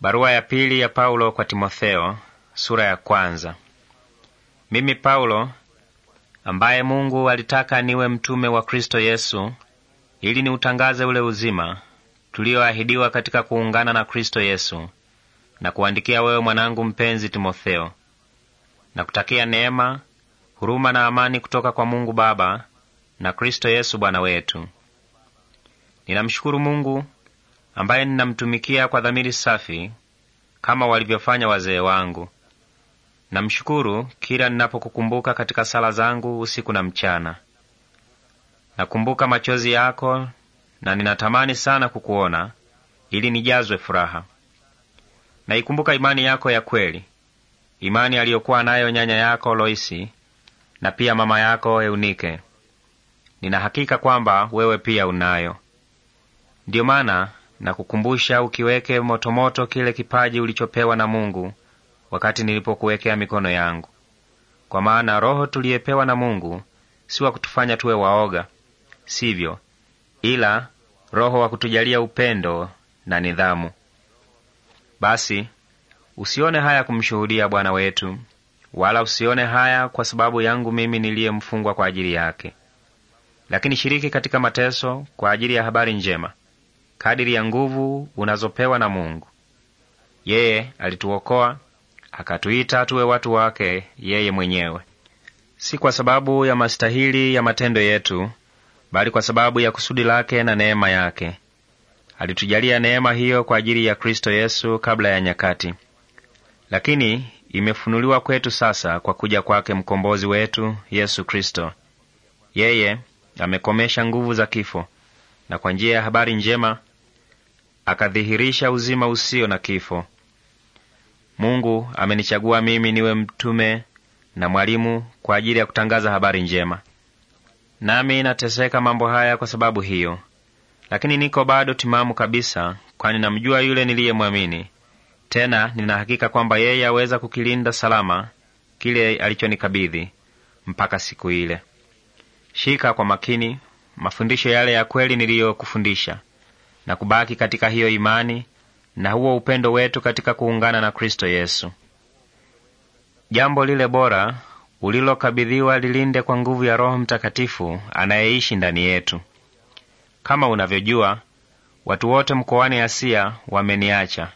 Barua ya pili ya Paulo kwa Timotheo, sura ya kwanza. Mimi Paulo, ambaye Mungu alitaka niwe mtume wa Kristo Yesu ili niutangaze ule uzima tulioahidiwa katika kuungana na Kristo Yesu, na kuandikia wewe mwanangu mpenzi Timotheo, na kutakia neema, huruma na amani kutoka kwa Mungu Baba na Kristo Yesu Bwana wetu. Ninamshukuru Mungu ambaye ninamtumikia kwa dhamiri safi kama walivyofanya wazee wangu. Namshukuru kila ninapokukumbuka katika sala zangu usiku na mchana. Nakumbuka machozi yako na ninatamani sana kukuona ili nijazwe furaha. Naikumbuka imani yako ya kweli, imani aliyokuwa nayo nyanya yako Loisi na pia mama yako Eunike. Ninahakika kwamba wewe pia unayo. Ndiyo maana na kukumbusha ukiweke motomoto kile kipaji ulichopewa na Mungu wakati nilipokuwekea mikono yangu, kwa maana Roho tuliyepewa na Mungu si wa kutufanya tuwe waoga, sivyo, ila Roho wa kutujalia upendo na nidhamu. Basi usione haya kumshuhudia Bwana wetu, wala usione haya kwa sababu yangu mimi niliye mfungwa kwa ajili yake, lakini shiriki katika mateso kwa ajili ya habari njema kadiri ya nguvu unazopewa na Mungu. Yeye alituokoa akatuita tuwe watu wake yeye mwenyewe, si kwa sababu ya mastahili ya matendo yetu, bali kwa sababu ya kusudi lake na neema yake. Alitujalia neema hiyo kwa ajili ya Kristo Yesu kabla ya nyakati, lakini imefunuliwa kwetu sasa kwa kuja kwake mkombozi wetu Yesu Kristo. Yeye amekomesha nguvu za kifo, na kwa njia ya habari njema akadhihirisha uzima usio na kifo. Mungu amenichagua mimi niwe mtume na mwalimu kwa ajili ya kutangaza habari njema, nami nateseka mambo haya kwa sababu hiyo, lakini niko bado timamu kabisa, kwani namjua yule niliyemwamini. Tena ninahakika kwamba yeye aweza kukilinda salama kile alichonikabidhi mpaka siku ile. Shika kwa makini mafundisho yale ya kweli niliyokufundisha, na kubaki katika hiyo imani na huo upendo wetu katika kuungana na Kristo Yesu. Jambo lile bora ulilokabidhiwa lilinde kwa nguvu ya Roho Mtakatifu anayeishi ndani yetu. Kama unavyojua, watu wote mkoani Asia wameniacha,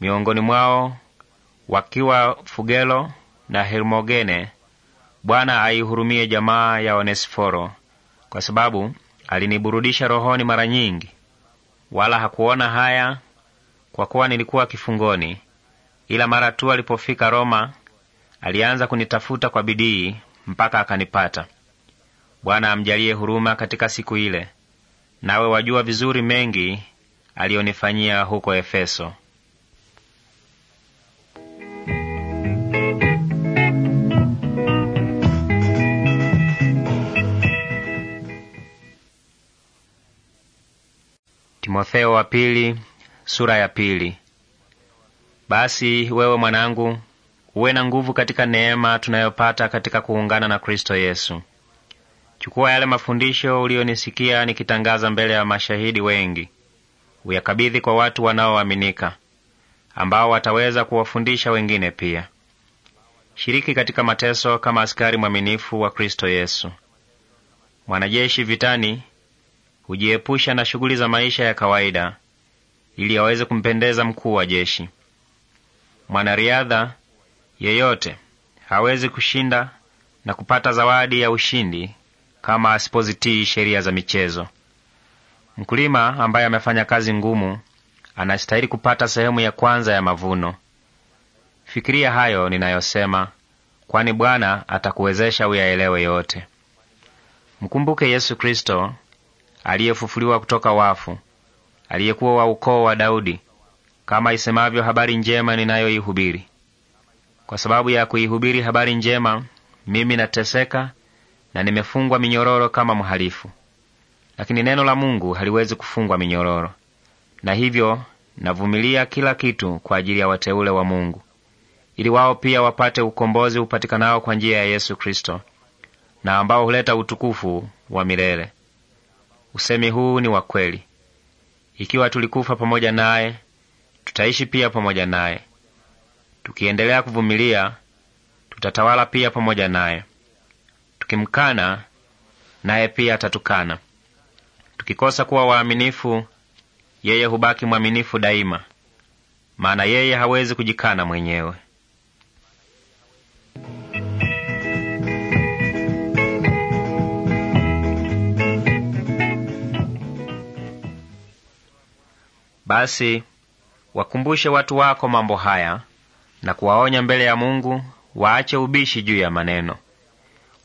miongoni mwao wakiwa Fugelo na Hermogene. Bwana aihurumie jamaa ya Onesiforo, kwa sababu aliniburudisha rohoni mara nyingi wala hakuona haya, kwa kuwa nilikuwa kifungoni. Ila mara tu alipofika Roma, alianza kunitafuta kwa bidii mpaka akanipata. Bwana amjalie huruma katika siku ile. Nawe wajua vizuri mengi aliyonifanyia huko Efeso. Timotheo wa pili, sura ya pili. Basi wewe mwanangu, uwe na nguvu katika neema tunayopata katika kuungana na Kristo Yesu. Chukua yale mafundisho uliyonisikia nikitangaza mbele ya mashahidi wengi, uyakabidhi kwa watu wanaoaminika, ambao wataweza kuwafundisha wengine pia. Shiriki katika mateso kama askari mwaminifu wa Kristo Yesu. Mwanajeshi vitani hujiepusha na shughuli za maisha ya kawaida ili aweze kumpendeza mkuu wa jeshi. Mwanariadha yeyote hawezi kushinda na kupata zawadi ya ushindi kama asipozitii sheria za michezo. Mkulima ambaye amefanya kazi ngumu anastahili kupata sehemu ya kwanza ya mavuno. Fikiria hayo ninayosema, kwani Bwana atakuwezesha uyaelewe yote. Mkumbuke Yesu Kristo aliyefufuliwa kutoka wafu, aliyekuwa wa ukoo wa Daudi, kama isemavyo habari njema ninayoihubiri. Kwa sababu ya kuihubiri habari njema, mimi nateseka na nimefungwa minyororo kama mhalifu, lakini neno la Mungu haliwezi kufungwa minyororo, na hivyo navumilia kila kitu kwa ajili ya wateule wa Mungu, ili wao pia wapate ukombozi upatikanao kwa njia ya Yesu Kristo, na ambao huleta utukufu wa milele. Usemi huu ni wa kweli. Ikiwa tulikufa pamoja naye, tutaishi pia pamoja naye. Tukiendelea kuvumilia, tutatawala pia pamoja naye. Tukimkana, naye pia atatukana. Tukikosa kuwa waaminifu, yeye hubaki mwaminifu daima, maana yeye hawezi kujikana mwenyewe. Basi wakumbushe watu wako mambo haya na kuwaonya mbele ya Mungu waache ubishi juu ya maneno.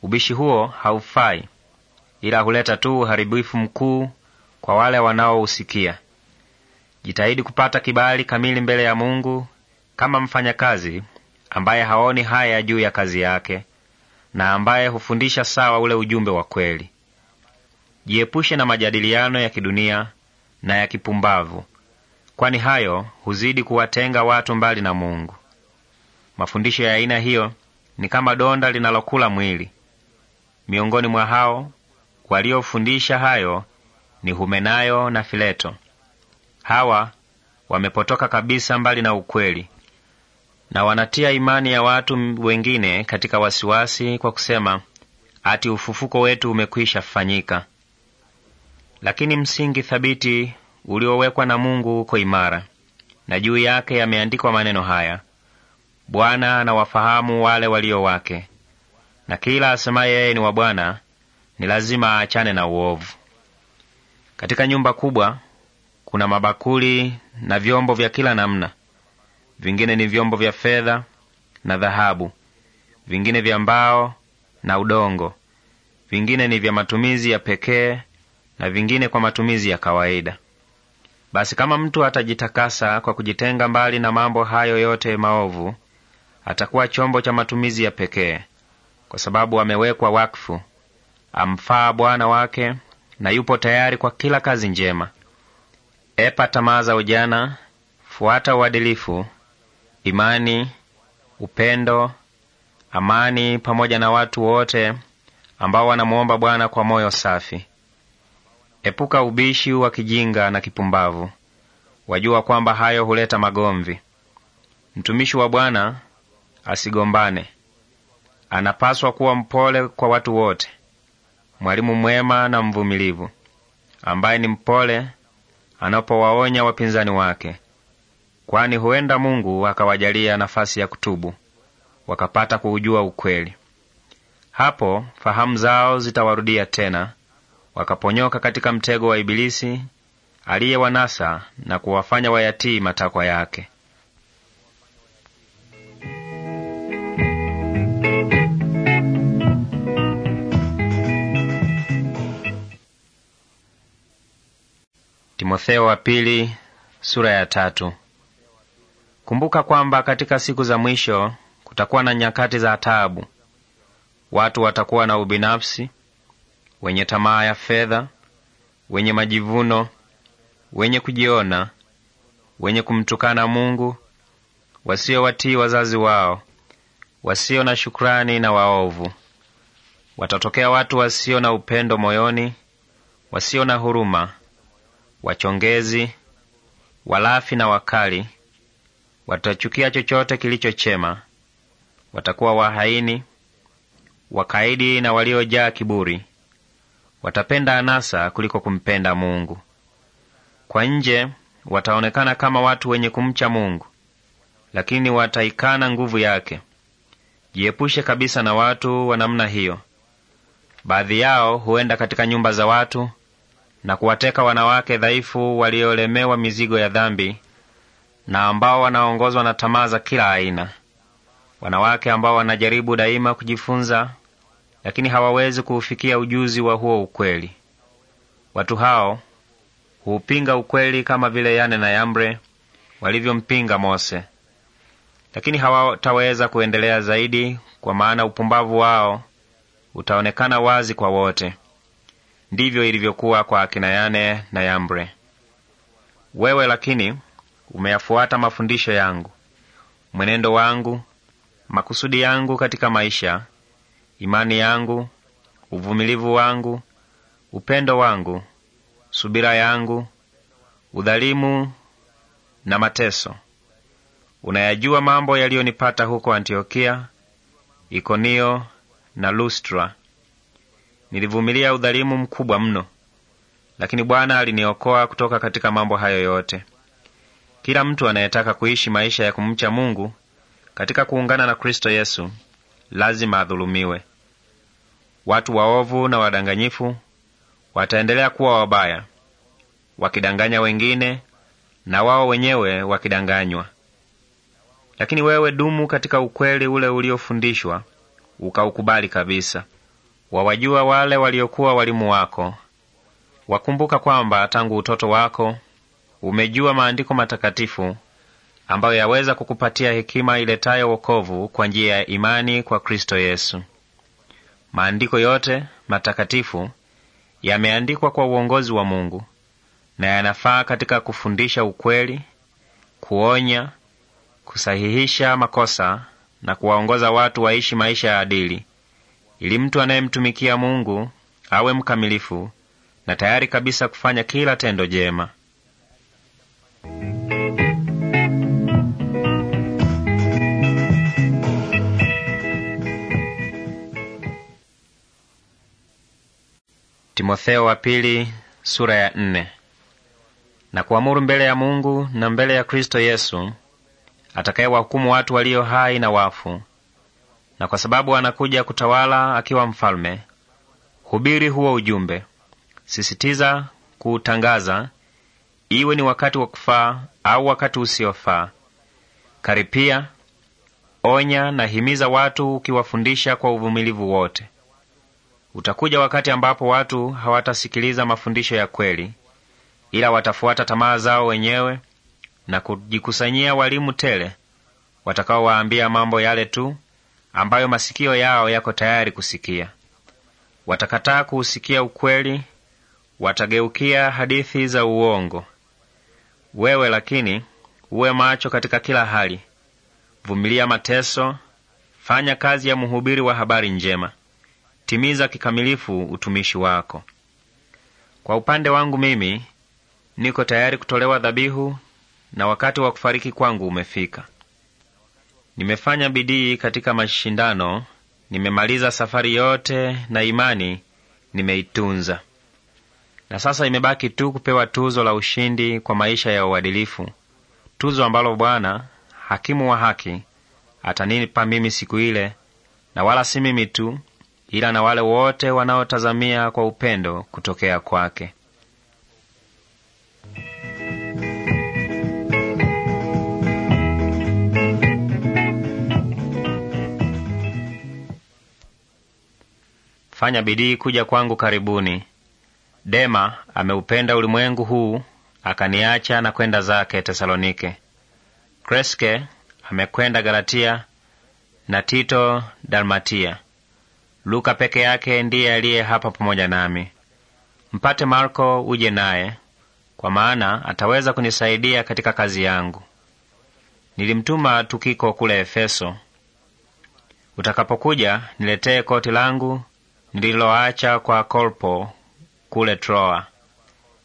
Ubishi huo haufai, ila huleta tu uharibifu mkuu kwa wale wanaousikia. Jitahidi kupata kibali kamili mbele ya Mungu kama mfanyakazi ambaye haoni haya juu ya kazi yake na ambaye hufundisha sawa ule ujumbe wa kweli. Jiepushe na majadiliano ya kidunia na ya kipumbavu kwani hayo huzidi kuwatenga watu mbali na Mungu. Mafundisho ya aina hiyo ni kama donda linalokula mwili. Miongoni mwa hao waliofundisha hayo ni Humenayo na Fileto. Hawa wamepotoka kabisa mbali na ukweli, na wanatia imani ya watu wengine katika wasiwasi kwa kusema ati ufufuko wetu umekwisha fanyika. Lakini msingi thabiti uliowekwa na Mungu uko imara, na juu yake yameandikwa maneno haya: Bwana anawafahamu wale walio wake, na kila asemaye yeye ni wa Bwana ni lazima aachane na uovu. Katika nyumba kubwa kuna mabakuli na vyombo vya kila namna, vingine ni vyombo vya fedha na dhahabu, vingine vya mbao na udongo, vingine ni vya matumizi ya pekee na vingine kwa matumizi ya kawaida. Basi kama mtu atajitakasa kwa kujitenga mbali na mambo hayo yote maovu, atakuwa chombo cha matumizi ya pekee, kwa sababu amewekwa wakfu, amfaa Bwana wake na yupo tayari kwa kila kazi njema. Epa tamaa za ujana, fuata uadilifu, imani, upendo, amani, pamoja na watu wote ambao wanamuomba Bwana kwa moyo safi. Epuka ubishi wa kijinga na kipumbavu, wajua kwamba hayo huleta magomvi. Mtumishi wa Bwana asigombane, anapaswa kuwa mpole kwa watu wote, mwalimu mwema na mvumilivu, ambaye ni mpole anapowaonya wapinzani wake, kwani huenda Mungu akawajalia nafasi ya kutubu wakapata kuujua ukweli. Hapo fahamu zao zitawarudia tena wakaponyoka katika mtego wa Ibilisi aliyewanasa na kuwafanya wayatii matakwa yake. Timotheo wa pili, sura ya tatu. Kumbuka kwamba katika siku za mwisho kutakuwa na nyakati za taabu. Watu watakuwa na ubinafsi wenye tamaa ya fedha, wenye majivuno, wenye kujiona, wenye kumtukana Mungu, wasiowatii wazazi wao, wasio na shukrani na waovu. Watatokea watu wasio na upendo moyoni, wasio na huruma, wachongezi, walafi na wakali. Watachukia chochote kilicho chema. Watakuwa wahaini, wakaidi na waliojaa kiburi watapenda anasa kuliko kumpenda Mungu. Kwa nje wataonekana kama watu wenye kumcha Mungu, lakini wataikana nguvu yake. Jiepushe kabisa na watu wa namna hiyo. Baadhi yao huenda katika nyumba za watu na kuwateka wanawake dhaifu waliolemewa mizigo ya dhambi na ambao wanaongozwa na tamaa za kila aina. Wanawake ambao wanajaribu daima kujifunza lakini hawawezi kuufikia ujuzi wa huo ukweli. Watu hao huupinga ukweli kama vile Yane na Yambre walivyompinga Mose, lakini hawataweza kuendelea zaidi, kwa maana upumbavu wao utaonekana wazi kwa wote. Ndivyo ilivyokuwa kwa akina Yane na Yambre. Wewe lakini umeyafuata mafundisho yangu, mwenendo wangu, makusudi yangu katika maisha, imani yangu, uvumilivu wangu, upendo wangu, subira yangu, udhalimu na mateso. Unayajua mambo yaliyonipata huko Antiokia, Ikonio na Lustra. Nilivumilia udhalimu mkubwa mno, lakini Bwana aliniokoa kutoka katika mambo hayo yote. Kila mtu anayetaka kuishi maisha ya kumcha Mungu katika kuungana na Kristo Yesu lazima adhulumiwe. Watu waovu na wadanganyifu wataendelea kuwa wabaya, wakidanganya wengine na wao wenyewe wakidanganywa. Lakini wewe dumu katika ukweli ule uliofundishwa ukaukubali kabisa. Wawajua wale waliokuwa walimu wako, wakumbuka kwamba tangu utoto wako umejua maandiko matakatifu ambayo yaweza kukupatia hekima iletayo wokovu kwa njia ya imani kwa Kristo Yesu. Maandiko yote matakatifu yameandikwa kwa uongozi wa Mungu na yanafaa katika kufundisha ukweli, kuonya, kusahihisha makosa na kuwaongoza watu waishi maisha ya adili, ili mtu anayemtumikia Mungu awe mkamilifu na tayari kabisa kufanya kila tendo jema. Timotheo wa pili, sura ya nne. Na kuamuru mbele ya Mungu na mbele ya Kristo Yesu atakayewahukumu watu walio hai na wafu, na kwa sababu anakuja kutawala akiwa mfalme, hubiri huo ujumbe, sisitiza kuutangaza, iwe ni wakati wa kufaa au wakati usiofaa. Karipia, onya na himiza watu, ukiwafundisha kwa uvumilivu wote Utakuja wakati ambapo watu hawatasikiliza mafundisho ya kweli, ila watafuata tamaa zao wenyewe na kujikusanyia walimu tele watakaowaambia mambo yale tu ambayo masikio yao yako tayari kusikia. Watakataa kuusikia ukweli, watageukia hadithi za uongo. Wewe lakini uwe macho katika kila hali, vumilia mateso, fanya kazi ya mhubiri wa habari njema kutimiza kikamilifu utumishi wako. Kwa upande wangu mimi niko tayari kutolewa dhabihu, na wakati wa kufariki kwangu umefika. Nimefanya bidii katika mashindano, nimemaliza safari yote, na imani nimeitunza, na sasa imebaki tu kupewa tuzo la ushindi kwa maisha ya uadilifu, tuzo ambalo Bwana hakimu wa haki atanipa mimi siku ile, na wala si mimi tu ila na wale wote wanaotazamia kwa upendo kutokea kwake. Fanya bidii kuja kwangu karibuni. Dema ameupenda ulimwengu huu akaniacha na kwenda zake Tesalonike. Kreske amekwenda Galatia na Tito Dalmatia. Luka peke yake ndiye aliye hapa pamoja nami. Mpate Marko uje naye, kwa maana ataweza kunisaidia katika kazi yangu. Nilimtuma Tukiko kule Efeso. Utakapokuja niletee koti langu nililoacha kwa Kolpo kule Troa.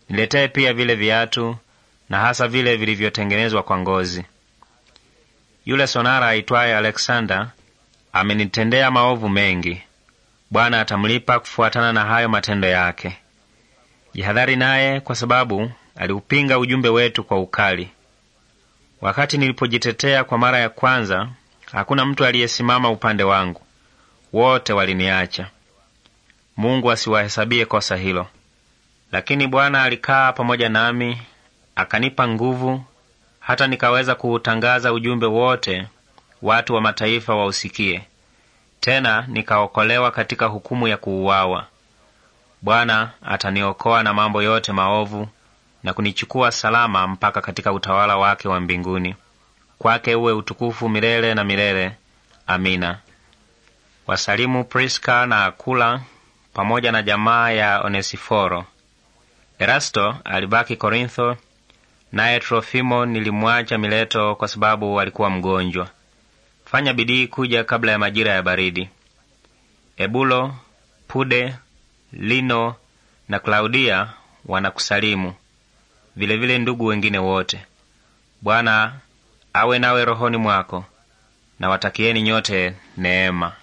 Niletee pia vile viatu na hasa vile vilivyotengenezwa kwa ngozi. Yule sonara aitwaye Aleksanda amenitendea maovu mengi. Bwana atamlipa kufuatana na hayo matendo yake. Jihadhari naye, kwa sababu aliupinga ujumbe wetu kwa ukali. Wakati nilipojitetea kwa mara ya kwanza, hakuna mtu aliyesimama upande wangu, wote waliniacha. Mungu asiwahesabie kosa hilo. Lakini Bwana alikaa pamoja nami, akanipa nguvu, hata nikaweza kuutangaza ujumbe wote, watu wa mataifa wausikie. Tena nikaokolewa katika hukumu ya kuuawa. Bwana ataniokoa na mambo yote maovu na kunichukua salama mpaka katika utawala wake wa mbinguni. Kwake uwe utukufu milele na milele. Amina. Wasalimu Priska na Akula pamoja na jamaa ya Onesiforo. Erasto alibaki Korintho, naye Trofimo nilimwacha Mileto kwa sababu alikuwa mgonjwa. Fanya bidii kuja kabla ya majira ya baridi. Ebulo, Pude, Lino na Klaudia wanakusalimu, vilevile vile ndugu wengine wote. Bwana awe nawe rohoni mwako, na watakieni nyote neema.